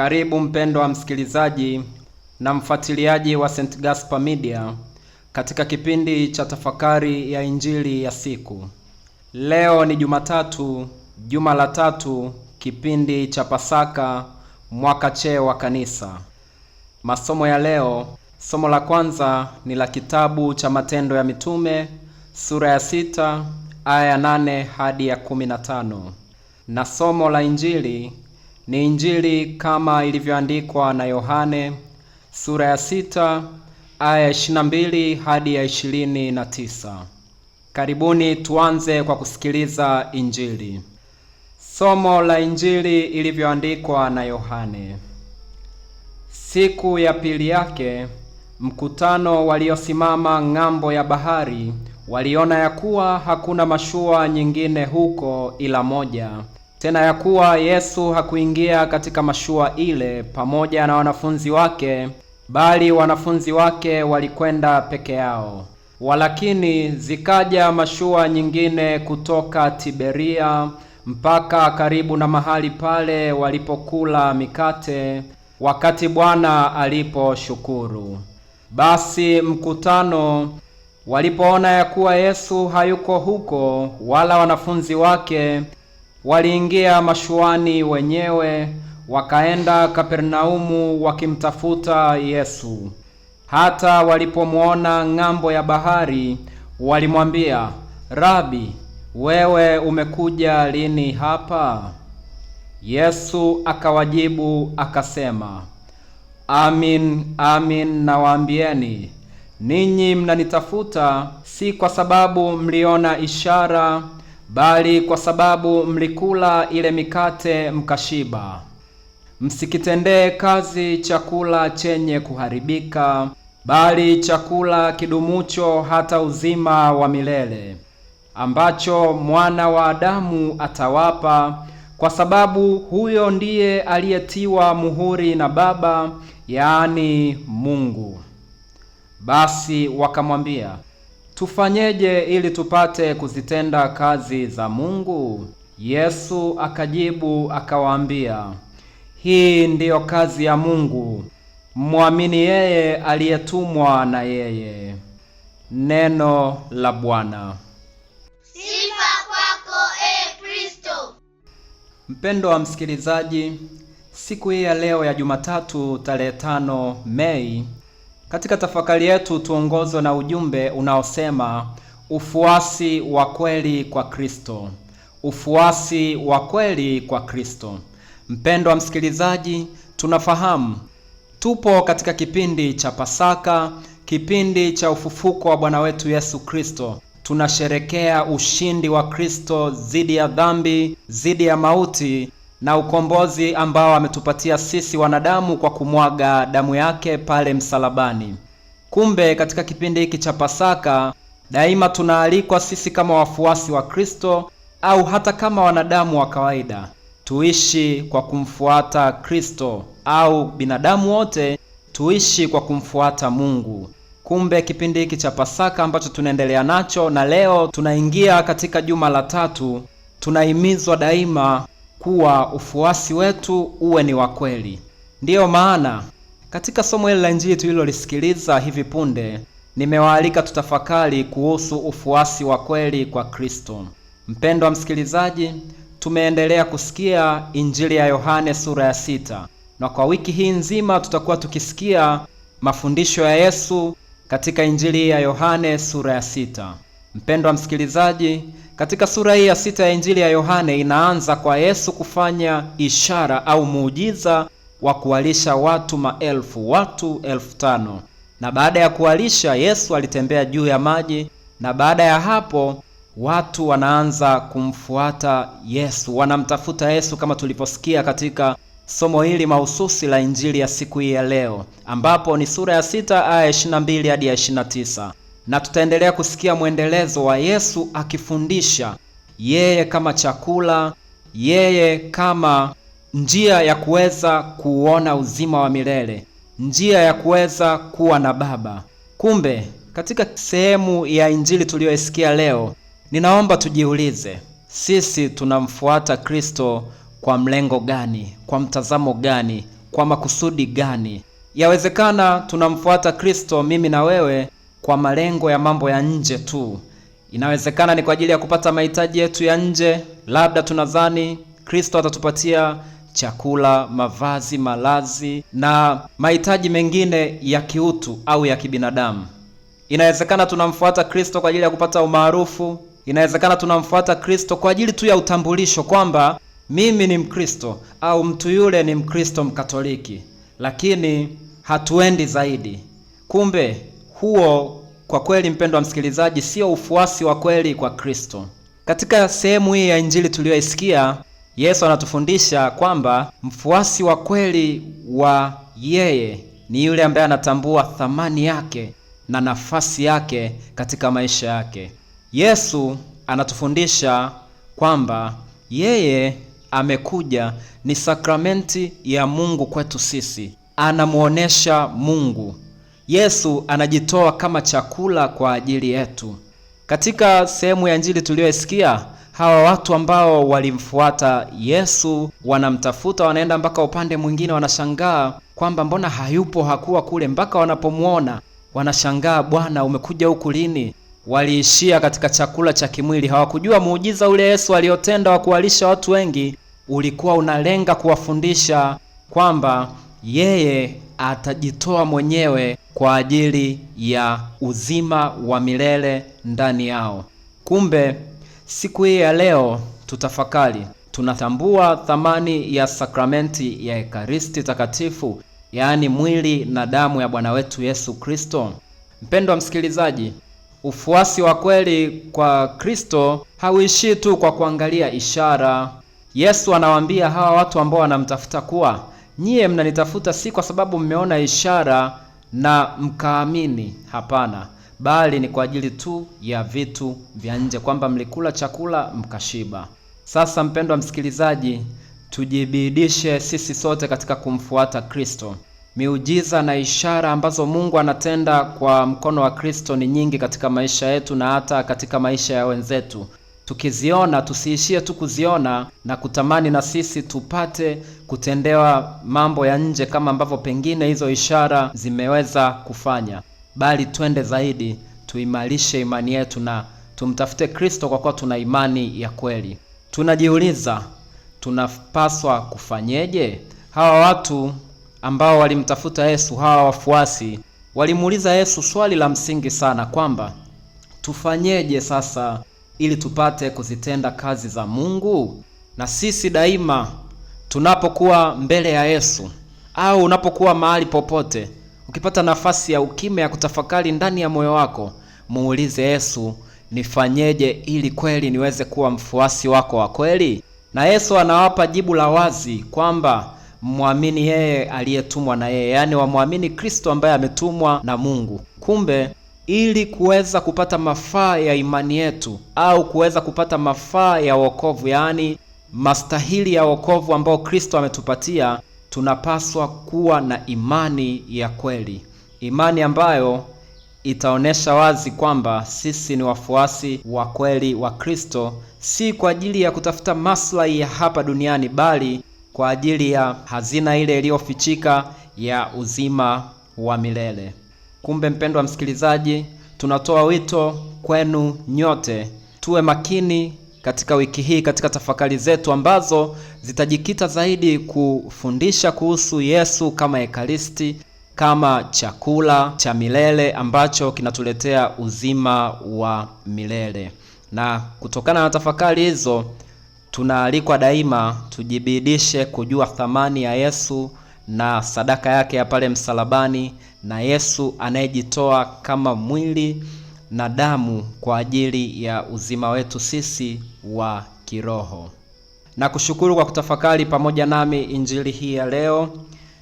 Karibu mpendwa msikilizaji na mfuatiliaji wa St. Gaspar Media katika kipindi cha tafakari ya injili ya siku. Leo ni Jumatatu, juma la tatu, kipindi cha Pasaka, mwaka che wa Kanisa. Masomo ya leo, somo la kwanza ni la kitabu cha Matendo ya Mitume sura ya sita aya ya nane hadi ya kumi na tano na somo la injili ni Injili kama ilivyoandikwa na Yohane sura ya sita aya ya mbili hadi ya tisa. Karibuni tuanze kwa kusikiliza Injili. Somo la Injili ilivyoandikwa na Yohane. Siku ya pili yake mkutano waliosimama ng'ambo ya bahari waliona ya kuwa hakuna mashua nyingine huko ila moja, tena ya kuwa Yesu hakuingia katika mashua ile pamoja na wanafunzi wake, bali wanafunzi wake walikwenda peke yao. Walakini zikaja mashua nyingine kutoka Tiberia mpaka karibu na mahali pale walipokula mikate, wakati Bwana aliposhukuru. Basi mkutano walipoona ya kuwa Yesu hayuko huko wala wanafunzi wake waliingia mashuani wenyewe, wakaenda Kapernaumu wakimtafuta Yesu. Hata walipomwona ng'ambo ya bahari, walimwambia, Rabi, wewe umekuja lini hapa? Yesu akawajibu akasema, Amin, amin nawaambieni, ninyi mnanitafuta si kwa sababu mliona ishara bali kwa sababu mlikula ile mikate mkashiba. Msikitendee kazi chakula chenye kuharibika, bali chakula kidumucho hata uzima wa milele, ambacho mwana wa Adamu atawapa, kwa sababu huyo ndiye aliyetiwa muhuri na Baba, yaani Mungu. Basi wakamwambia Tufanyeje ili tupate kuzitenda kazi za Mungu? Yesu akajibu akawaambia, hii ndiyo kazi ya Mungu, mwamini yeye aliyetumwa na yeye. Neno la Bwana. Sifa kwako e Kristo. Mpendo wa msikilizaji, siku hii ya leo ya Jumatatu tarehe tano Mei katika tafakari yetu tuongozwe na ujumbe unaosema ufuasi wa kweli kwa Kristo, ufuasi wa kweli kwa Kristo. Mpendwa msikilizaji, tunafahamu tupo katika kipindi cha Pasaka, kipindi cha ufufuko wa Bwana wetu Yesu Kristo. Tunasherekea ushindi wa Kristo dhidi ya dhambi, dhidi ya mauti na ukombozi ambao ametupatia sisi wanadamu kwa kumwaga damu yake pale msalabani. Kumbe katika kipindi hiki cha Pasaka daima tunaalikwa sisi kama wafuasi wa Kristo au hata kama wanadamu wa kawaida tuishi kwa kumfuata Kristo au binadamu wote tuishi kwa kumfuata Mungu. Kumbe kipindi hiki cha Pasaka ambacho tunaendelea nacho na leo tunaingia katika juma la tatu, tunahimizwa daima kuwa ufuasi wetu uwe ni wa kweli. Ndiyo maana katika somo hili la Injili tulilolisikiliza hivi punde, nimewaalika tutafakari kuhusu ufuasi wa kweli kwa Kristo. Mpendwa msikilizaji, tumeendelea kusikia Injili ya Yohane sura ya sita, na kwa wiki hii nzima tutakuwa tukisikia mafundisho ya Yesu katika Injili ya Yohane sura ya sita. Mpendwa msikilizaji, katika sura hii ya sita ya Injili ya Yohane inaanza kwa Yesu kufanya ishara au muujiza wa kuwalisha watu maelfu, watu elfu tano. Na baada ya kuwalisha, Yesu alitembea juu ya maji, na baada ya hapo watu wanaanza kumfuata Yesu, wanamtafuta Yesu kama tuliposikia katika somo hili mahususi la Injili ya siku hii ya leo, ambapo ni sura ya sita aya 22 hadi ya 29 na tutaendelea kusikia mwendelezo wa Yesu akifundisha yeye kama chakula, yeye kama njia ya kuweza kuona uzima wa milele, njia ya kuweza kuwa na Baba. Kumbe katika sehemu ya injili tuliyoisikia leo, ninaomba tujiulize sisi tunamfuata Kristo kwa mlengo gani? Kwa mtazamo gani? Kwa makusudi gani? Yawezekana tunamfuata Kristo mimi na wewe kwa malengo ya mambo ya nje tu. Inawezekana ni kwa ajili ya kupata mahitaji yetu ya nje, labda tunadhani Kristo atatupatia chakula, mavazi, malazi na mahitaji mengine ya kiutu au ya kibinadamu. Inawezekana tunamfuata Kristo kwa ajili ya kupata umaarufu. Inawezekana tunamfuata Kristo kwa ajili tu ya utambulisho kwamba mimi ni Mkristo au mtu yule ni Mkristo Mkatoliki, lakini hatuendi zaidi. Kumbe huo kwa kweli, mpendwa msikilizaji, sio ufuasi wa kweli kwa Kristo. Katika sehemu hii ya injili tuliyoisikia, Yesu anatufundisha kwamba mfuasi wa kweli wa yeye ni yule ambaye anatambua thamani yake na nafasi yake katika maisha yake. Yesu anatufundisha kwamba yeye amekuja, ni sakramenti ya Mungu kwetu sisi, anamuonesha Mungu Yesu anajitoa kama chakula kwa ajili yetu. Katika sehemu ya Injili tuliyoisikia, hawa watu ambao walimfuata Yesu wanamtafuta, wanaenda mpaka upande mwingine, wanashangaa kwamba mbona hayupo, hakuwa kule. Mpaka wanapomwona wanashangaa, Bwana, umekuja huku lini? Waliishia katika chakula cha kimwili, hawakujua muujiza ule Yesu aliotenda wa kuwalisha watu wengi ulikuwa unalenga kuwafundisha kwamba yeye atajitoa mwenyewe kwa ajili ya uzima wa milele ndani yao. Kumbe siku hii ya leo tutafakari, tunatambua thamani ya sakramenti ya Ekaristi Takatifu, yaani mwili na damu ya Bwana wetu Yesu Kristo. Mpendwa msikilizaji, ufuasi wa kweli kwa Kristo hauishii tu kwa kuangalia ishara. Yesu anawaambia hawa watu ambao wanamtafuta kuwa Nyie mnanitafuta si kwa sababu mmeona ishara na mkaamini, hapana, bali ni kwa ajili tu ya vitu vya nje, kwamba mlikula chakula mkashiba. Sasa mpendwa msikilizaji, tujibidishe sisi sote katika kumfuata Kristo. Miujiza na ishara ambazo Mungu anatenda kwa mkono wa Kristo ni nyingi katika maisha yetu na hata katika maisha ya wenzetu. Tukiziona tusiishie tu kuziona na kutamani na sisi tupate kutendewa mambo ya nje kama ambavyo pengine hizo ishara zimeweza kufanya, bali twende zaidi, tuimarishe imani yetu na tumtafute Kristo kwa kuwa tuna imani ya kweli. Tunajiuliza, tunapaswa kufanyeje? Hawa watu ambao walimtafuta Yesu, hawa wafuasi walimuuliza Yesu swali la msingi sana kwamba tufanyeje sasa ili tupate kuzitenda kazi za Mungu. Na sisi daima tunapokuwa mbele ya Yesu au unapokuwa mahali popote, ukipata nafasi ya ukimya ya kutafakari ndani ya moyo wako, muulize Yesu, nifanyeje ili kweli niweze kuwa mfuasi wako wa kweli? Na Yesu anawapa jibu la wazi kwamba mwamini yeye aliyetumwa na yeye, yaani wamwamini Kristo ambaye ametumwa na Mungu. Kumbe ili kuweza kupata mafaa ya imani yetu au kuweza kupata mafaa ya wokovu, yaani mastahili ya wokovu ambao Kristo ametupatia, tunapaswa kuwa na imani ya kweli, imani ambayo itaonyesha wazi kwamba sisi ni wafuasi wa kweli wa Kristo, si kwa ajili ya kutafuta maslahi ya hapa duniani, bali kwa ajili ya hazina ile iliyofichika ya uzima wa milele. Kumbe mpendwa msikilizaji, tunatoa wito kwenu nyote tuwe makini katika wiki hii katika tafakari zetu ambazo zitajikita zaidi kufundisha kuhusu Yesu kama Ekaristi, kama chakula cha milele ambacho kinatuletea uzima wa milele. Na kutokana na tafakari hizo tunaalikwa daima tujibidishe kujua thamani ya Yesu na sadaka yake ya pale msalabani na Yesu anayejitoa kama mwili na damu kwa ajili ya uzima wetu sisi wa kiroho. Na kushukuru kwa kutafakari pamoja nami injili hii ya leo.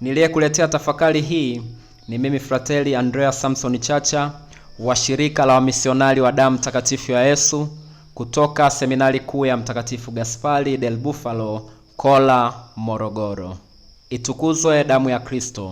Niliyekuletea tafakari hii ni mimi Frateli Andrea Samson Chacha wa shirika la wamisionari wa damu takatifu ya Yesu kutoka seminari kuu ya Mtakatifu Gaspari del Bufalo, Kola, Morogoro. Itukuzwe damu ya Kristo!